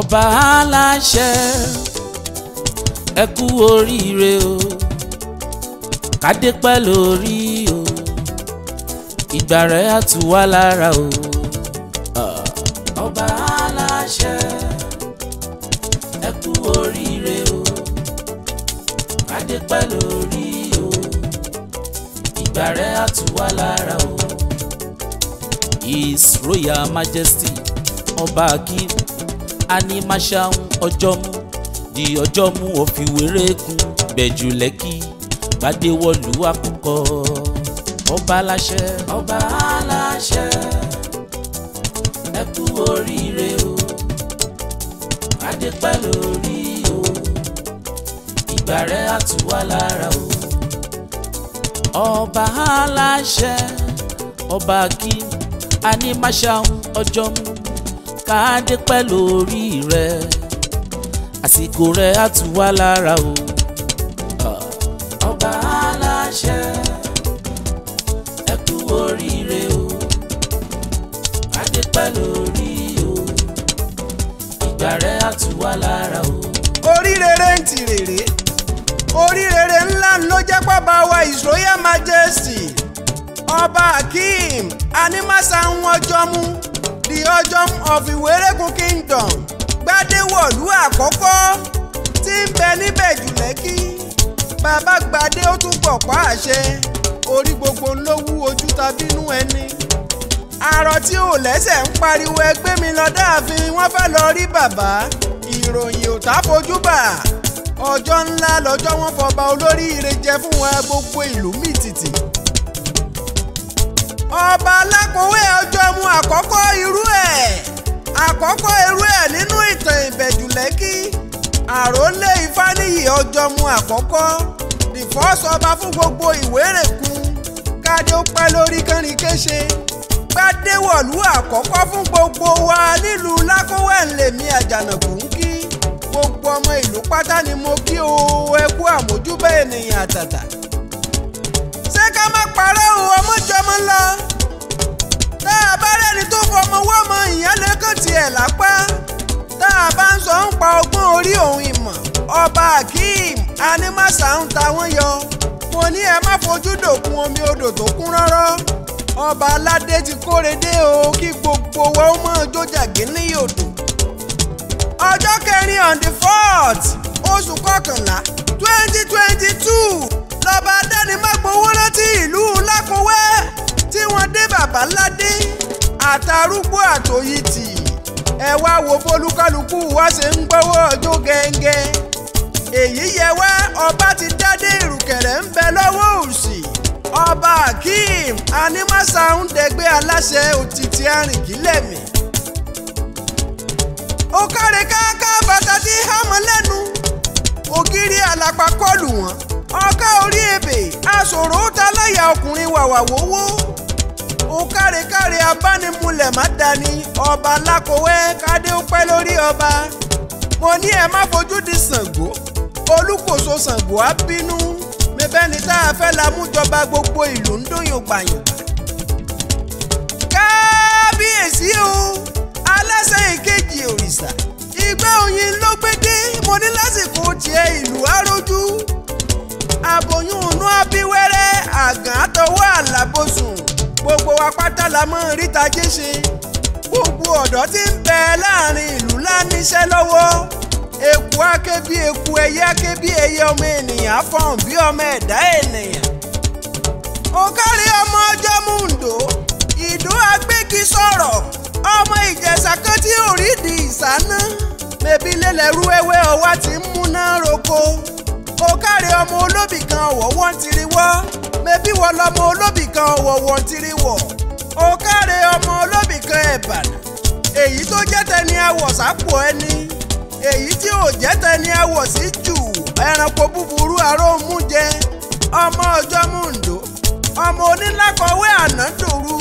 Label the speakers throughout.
Speaker 1: ọba aláṣẹ ẹ kú oríire o kádé pẹ́ lórí o ìgbà rẹ̀ á tù wá lára o. ọba aláṣẹ ẹ oríire o kádé pẹ́ lórí o ìgbà rẹ̀ á tù wá lára o. His Royal Majesty ọba akin animation ọjọ́ mú di ọjọ́ mú òfin wéré kun bẹ̀jù lẹ́kì gbadewọ́lù àkọ́kọ́ ọba aláṣẹ. ọba aláṣẹ ẹ kú oríire o adépẹ́ lórí o ìgbà rẹ̀ á lára o. ọba aláṣẹ ọba kí animation ọjọ́ mú ká dé pẹ́ lórí rẹ àsìkò rẹ á tù wá lára o. ọba aláṣẹ ẹ kú oríire o ká dé pẹ́ lórí o ìgbà rẹ á tù wá lára o.
Speaker 2: oríire ń ti rèrè oríire ńlá ló jẹ́ pọ́ba wa His Royal Majesty ọba Akeem animasa ń wọ́jọ́ mú the Orjom of Iwerekun Kingdom Gbadewọ̀lú àkọ́kọ́ tí ń bẹ níbẹ̀ jù lẹ́kí bàbá gbadé ó tún pọ̀ pa àṣẹ orí gbogbo ló wú ojú ta bínú ẹni arọ tí ò lẹ́sẹ̀ ń pariwo ẹgbẹ́ mi lọ dáàfin wọ́n fẹ́ lọ rí bàbá ìròyìn ò tá fojú bà ọjọ́ ńlá lọ́jọ́ wọn fọba olóríire jẹ fún wa gbogbo ìlú mìtìtì ọba alákòwé ọjọ́ mu àkọ́kọ́ irú ẹ̀ àkọ́kọ́ irú ẹ̀ nínú ìtàn ìbẹ̀jù lẹ́kì àròlé ìfániyì ọjọ́ mu àkọ́kọ́ ìfọ́sọba fún gbogbo ìwérèkún kádé ó pẹ́ lórí kánrin kéṣe gbádéwọ̀lú àkọ́kọ́ fún gbogbo wa nílùú lákówẹ̀lẹ̀mí àjànàkú ń kí gbogbo ọmọ ìlú pátá ni mo kí o ẹ kú àmójúbà ènìyàn àtàtà ká má parọ́ o ọmọ jọmọ lọ tá a bá rẹ́ni tó fọmọ wọ́mọ ìyá lẹ́kàn tiẹ̀ lápá tá a bá ń sọ ń pa ọgbọ́n orí òun ìmọ̀ ọba akeem animasa ń ta wọ́n yọ mo ní ẹ má fojú dòkun omi odò tó kún rọ́rọ́ ọba aládé ti kóre dé o kí gbogbo wa ó mọ̀ jójàgé ní yòdò ọjọ́ kẹrin on the fourth oṣù kọkànlá twenty twenty two ọlọ́ba dánimọ́gbowó rántí ìlú lákúnwé tí wọ́n dé babaládé àtàrúgbó àtòyìtì ẹ wá wo bólúkálukú wá ṣe ń gbọ́wọ́ ọjọ́ gẹ́ngẹ́ èyí yẹ wá ọba ti jáde ìrùkẹ̀rẹ̀ ń bẹ lọ́wọ́ òsì ọba akeem animasa ń dẹgbẹ́ aláṣẹ òtítì arìngílẹ̀mí ó káre káká bàtà tí hámọ́ lẹ́nu ògiri àlàpà kọlù wọn ọ̀gá orí ebè aṣòro taláyà ọkùnrin wàwà wówó òkàrèkàrè abánimulẹ̀ má dání ọba lákòwẹ́ kádé ó pẹ́ lórí ọba mo ní ẹ má fojú di Ṣàngó olùkóso Ṣàngó á bínú mẹbẹ́ni tá a fẹ́ la mú jọba gbogbo ìlú ń dún yògbà yògbà. kábíyèsí o aláṣẹ ìkejì òrìṣà ìgbà òyìn ló gbé dé mo ní lásìkò tiẹ̀ ìlú arójú aboyún inú abíwẹ́rẹ́ àgàn àtọwọ́ àlàbòsùn gbogbo wa pátá la mọ̀ ríta jíṣin gbogbo ọ̀dọ́ tí ń bẹ láàrin ìlú láníṣẹ́ lọ́wọ́ eku ake bí eku ẹyẹ ake bí ẹyẹ ọmọ ènìyàn afọ̀n bí ọmọ ẹ̀dá ènìyàn. òǹkàrí ọmọ ọjọ́ múndò ìdó agbégi sọ̀rọ̀ ọmọ ìjẹ̀ṣà kan tí ò rí di ìsáná mẹ́bí lélẹ̀rú ewé ọwá ti ń múná roko. ó káre ọmọ olóbì kan ọ̀wọ̀wọ́ ń tiri wọ́ mẹ́bí wọ lọmọ olóbì kan ọ̀wọ̀wọ́ ń tiri wọ̀ ó káre ọmọ olóbì kan ẹ̀bànà èyí tó jẹ́ tẹni awọ̀ sápò ẹni èyí tí ò jẹ́ tẹni awọ̀ sí jù ẹranko búburú aróòmù jẹ ọmọ ọjọ́ mùndó ọmọ onílákọ̀wé àná dòru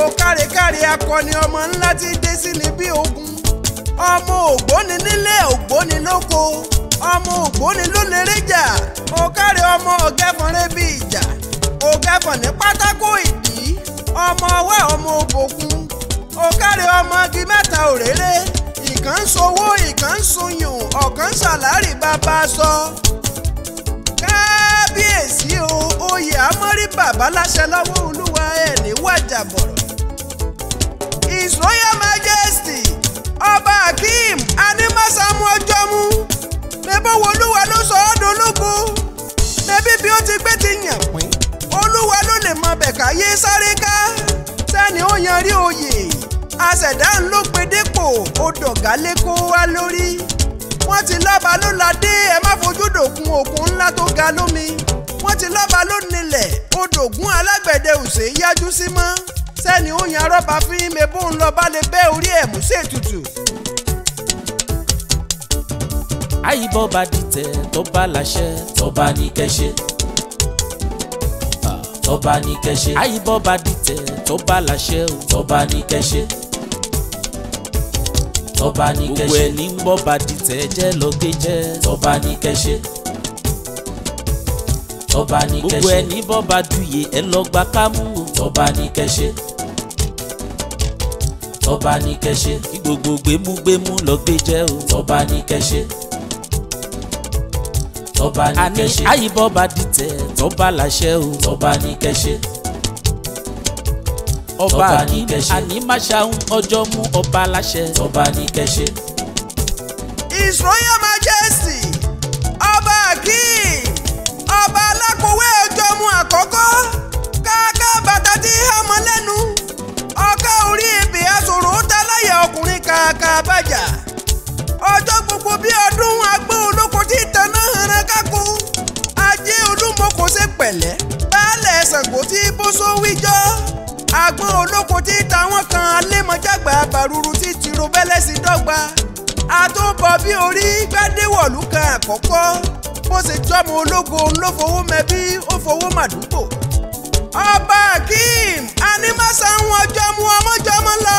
Speaker 2: ó kárekáre akọni ọmọ ńlá ti dé sí ni bí ogun ọmọ ògbóni nílé ògbóni lóko. ọmọ ògbóni ló lérè jà ọ̀kárẹ̀ ọmọ ọ̀gẹ́fọn rẹ̀ bí ìjà ọ̀gẹ́fọn ní pátákó ìdí ọmọ ọwẹ́ ọmọ òbòkun ọ̀kárẹ̀ ọmọ igi mẹ́ta òréré ìkan ń sowó ìkan ń sunyùn ọ̀kan ṣàlárì bàbá sọ. kábíyèsí o oyè amọ́rí bàbá láṣẹ lọ́wọ́ olúwa ẹ̀ ní wájà His Royal Majesty ọba Akeem Animasamu Ojomu pọ̀wọ́ olúwa ló sọ ọ́ dológo tẹ́bí bí ó ti gbé ti yàn pín olúwa ló lè mọ bẹ̀káyé sáré ká sẹ́ni ó yanrí oyè àṣẹ̀dá ń ló pe dépò ó lé kó wá lórí wọ́n ti lọ́ba ló la dé ẹ má fojú dògún òkun ńlá tó ga lómi wọ́n ti lọ́ba ló nílẹ̀ odògún alágbẹ̀dẹ òsè yájú sí mọ́ sẹ́ni ó yan rọ́bà fín mebó ńlọ bá lè bẹ́ orí ẹ̀ mú sí ètùtù
Speaker 1: àyíbọ̀ bá dìtẹ̀ tó bá láṣẹ tó bá ní kẹ́ṣe. Ah, tó bá ní kẹ́ṣe. àyíbọ̀ bá dìtẹ̀ tó bá láṣẹ o tó bá ní kẹ́ṣe. tó bá ní kẹ́ṣe. gbogbo ẹni ń bọ̀ bá dìtẹ̀ jẹ́ lọ́gẹ́ jẹ́ tó bá ní kẹ́ṣe. tó bá ní kẹ́ṣe. gbogbo ẹni bọ́ bá dùyẹ ẹ lọ gba kámú o tó ní kẹ́ṣe tọ́ba ní kẹ́ṣe. gbogbo gbémúgbémú lọ gbé jẹ́ o. tọ́ba ní kẹ́ṣe tọ́ba ní kẹ́ṣe. àní àyìnbọn bá dìtẹ̀ tọ́ba láṣẹ o. tọ́ba ní kẹ́ṣe ọba àní má ṣàún ọjọ́ mú ọba láṣẹ. tọba ní kẹ́ṣe.
Speaker 2: ìṣòyà máa jẹ́ pẹ̀lẹ́ baálẹ̀ Ṣàngó tí bóso wíjọ́ àgbọn olókun tí táwọn kan alẹ́mọ̀jàgbà bàrúrú ti tìrò bẹ́lẹ̀ sí dọ́gba àtúbọ̀ bí orí gbadéwọ̀lú kan àkọ́kọ́ bó ṣe jọ́mọ ológo ló fowó mẹ́bí ó fowó màdúgbò ọba akeem animasanwó ọjọ́ mu ọmọjọ́mọ́ lọ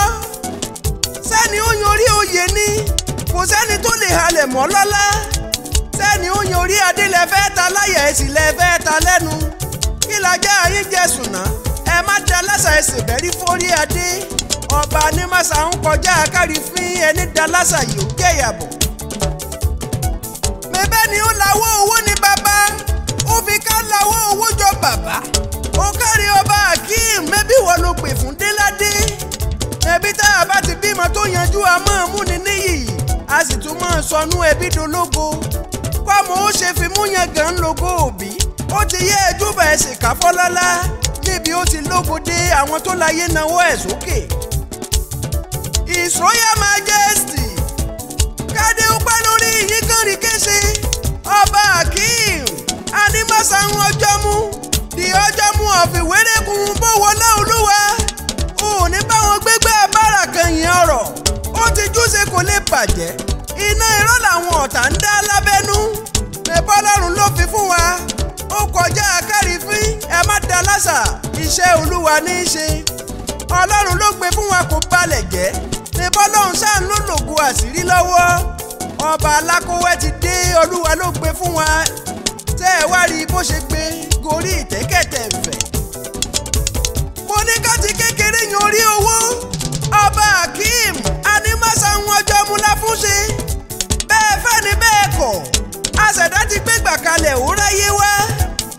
Speaker 2: sẹ́ni ó yan orí oyè ni kò sẹ́ni tó lè halẹ̀ mọ́ lọ́lá sẹ́ni ń yan orí adé lẹ fẹ́ ta láyà èsì lẹ fẹ́ ta lẹ́nu kí la jẹ́ ayé jẹ̀sùn náà ẹ má tẹ lẹ́sà ẹsẹ̀ bẹ́rí fórí adé ọba ní màsà ń kọjá kárí fín ẹni da lásà yìí ó jẹ̀yàbọ̀. bẹ́bẹ́ ni ó lawọ́ owó ní bàbá ó fi ká lawọ́ owó jọ bàbá ó kárí ọba akeem mẹ́bí wọ́n ló pè fún déládé ẹbí tá a bá ti bímọ tó yanjú a máa múni níyì a sì tún máa sọnú ẹbí dológo bámu ó ṣe fi mú yẹn gan lógo òbí ó ti yẹ ẹjúbà ẹsìn káfọ́lọ́lá níbi ó ti lógo dé àwọn tó láyé náwó ẹ̀ sókè. His Royal Majesty kádé ọpẹ́ lórí yíkanrí kése ọba akeem animasanwó ọjọ́mú di ọjọ́mú ọ̀fìwérékùn bówọlá olúwa òní báwọn gbégbé bára kan yẹn ọ̀rọ̀ ó ti júṣe kò lè bàjẹ́ iná irọ́ làwọn ọ̀tá ń dá lábẹ́ pọ́lọ́run ló fi fún wa ó kọjá akárìfín ẹ má da lásà iṣẹ́ olúwa ní í ṣe ọlọ́run ló gbé fún wa kó balẹ̀ jẹ́ ní bọ́lọ́run ṣáà ń lòlògo àṣírí lọ́wọ́ ọba alákówẹ́ ti dé olúwa ló gbé fún wa tẹ́ ẹ wá rí bó ṣe gbé gorí ìtẹ́kẹ̀tẹ̀ ẹ̀dá ti gbégbà kalẹ̀ ó ráyé wá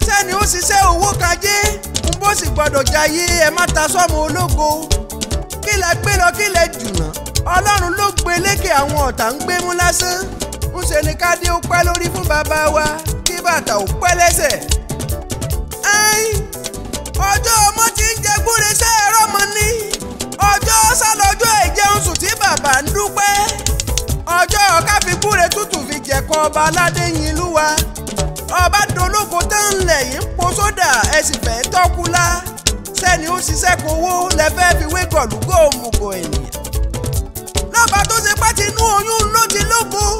Speaker 2: sẹ́ni ó ṣiṣẹ́ owó kajé ń bó sì gbọ́dọ̀ jayé ẹ má ta sọ́mọ ológo kí lẹ gbé lọ kí lẹ jùnà ọlọ́run ló gbé lékè àwọn ọ̀tá ń gbé mú lásán ń ṣe ni kádé ó pẹ́ lórí fún bàbá wa kí bàtà ó pẹ́ lẹ́sẹ̀. ọjọ́ ọmọ ti ń jẹ gbúre sẹ́ẹ̀rọ̀ mọ́ ní ọjọ́ sálọ́jọ́ ìjẹun sùn tí bàbá ń dúpẹ́ ọjọ́ ká fi gbúre tútù jẹ́ kọ́ ọba aládé yín lúwa ọba dológo tán lẹ̀ yín po sódà ẹ sì fẹ́ tọ́kula sẹ́ni ó ṣiṣẹ́ kówó lẹ fẹ́ fi wé gọ̀lúgọ̀ òmùgọ̀ ènìyàn. lọ́ba tó ṣe pátì inú oyún ló ti lókun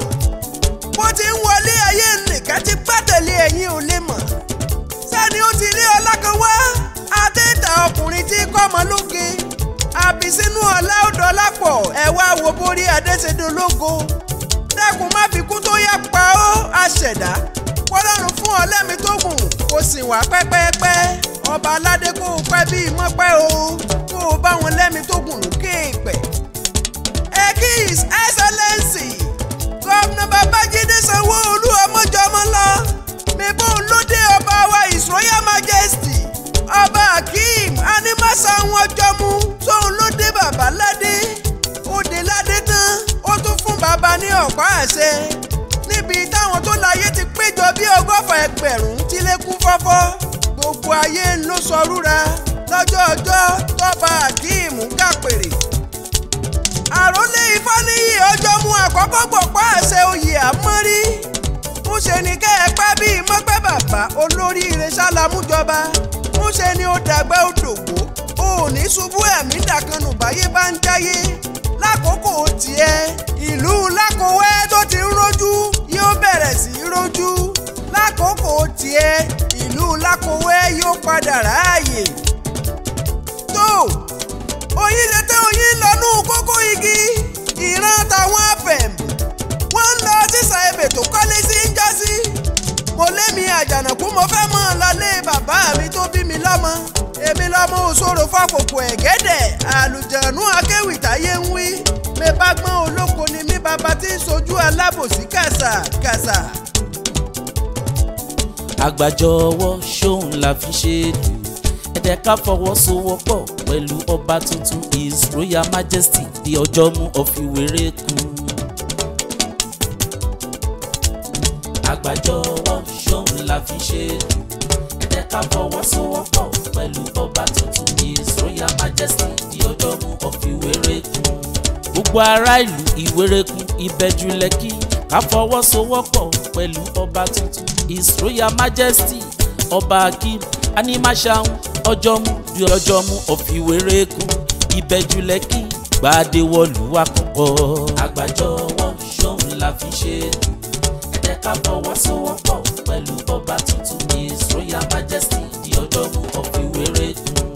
Speaker 2: bó ti ń wọlé ayé nìkan ti gbàtẹ̀lé ẹ̀yìn ò lè mọ̀ sẹ́ni ó ti lé ọlá kan wá àtẹ̀tà ọkùnrin tí kọ́mọ lóge àbísínú ọlá ó dọ́lá pọ̀ ẹ̀ wá wo borí adéṣedológo dákun má fi kú tó yẹ pa ó àṣẹ̀dá wọ́lọ́run fún ọ lẹ́mi tó gùn kò sì wá pẹ́pẹ́pẹ́ ọba aládé kó o pẹ́ bíi mọ́pẹ́ o kó bá wọn lẹ́mi tó gùn lókè èèpẹ̀. ẹ kí his babájídé sanwó-olú ọmọjọmọ lọ ọba wa his royal majesty ọba akeem animasanwó-ọjọ́mu tóun lóde babaládé. náà ṣe níbi táwọn tó láyé ti péjọ bí ọgọ́fà ẹgbẹ̀rún tí lékún fọ́fọ́ gbogbo ayé ń ló sọ rúra lọ́jọ́ ọjọ́ tọ́ba àkíìmù kàpèrè. àròlé ifá níyì ọjọ́ mu àkọ́kọ́ gbọ̀pá àṣẹ oyè àmọ́rí ńṣe ni kẹ́ ẹ pẹ́ bíi mọ́pẹ́ bàbá olóríire sálámújọba ńṣe ni ó dàgbẹ́ ó ṣubú ẹ̀mí dàkanù báyé bá ń jáyé lákòókò tiẹ̀ ìlú lákòwẹ́ tó ti ń rojú yóò bẹ̀rẹ̀ sí í rojú lákòókò tiẹ̀ ìlú lákòwẹ́ yóò padà ráàyè. tó oyin ṣe tẹ́ oyin lọ́nú kókó igi ìran táwọn afẹ́m wọ́n ń lọ sísà ebè tó kọ́lé sí ń jásí mo lé mi àjànàkú mo fẹ́ mọ́ ọ lọ bàbá mi tó bí mi lọ́mọ èmi lọ́mọ òṣòro fàkòkò ẹ̀gẹ́dẹ̀ àlùjànú akéwì táyé ń wí mi bá gbọ́n olóko ni mi bàbá tí ń sojú alábòsí kàṣà kàṣà.
Speaker 1: ṣóun la fi ṣe lù ẹ̀dẹ̀ ká fọwọ́sowọ́pọ̀ pẹ̀lú ọba tuntun his royal majesty di ọjọ́ mú ọ̀fìwéré kù. àgbàjọwọ́ ṣóun la fi ṣe lù jẹ́ ká fọwọ́sowọ́pọ̀ pẹ̀lú ọba tuntun his royal majesty Theodore of Ìwérekùn. gbogbo ará ìlú Ìwérekùn ìbẹ̀jú lẹ́kì ká fọwọ́sowọ́pọ̀ pẹ̀lú ọba tuntun his royal majesty ọba akim animashaun ọjọ́mú bí ọjọ́mú of Ìwérekùn ìbẹ̀jú lẹ́kì gbàdéwọ̀lú àkọ́kọ́. àgbàjọ wọn ṣòun la fi ṣe é ẹ̀ẹ́dẹ́ka fọwọ́sowọ́pọ̀ pẹ̀lú ọba tuntun yìí royal majesty di ọjọ́bú ọ̀fìwéré dùn.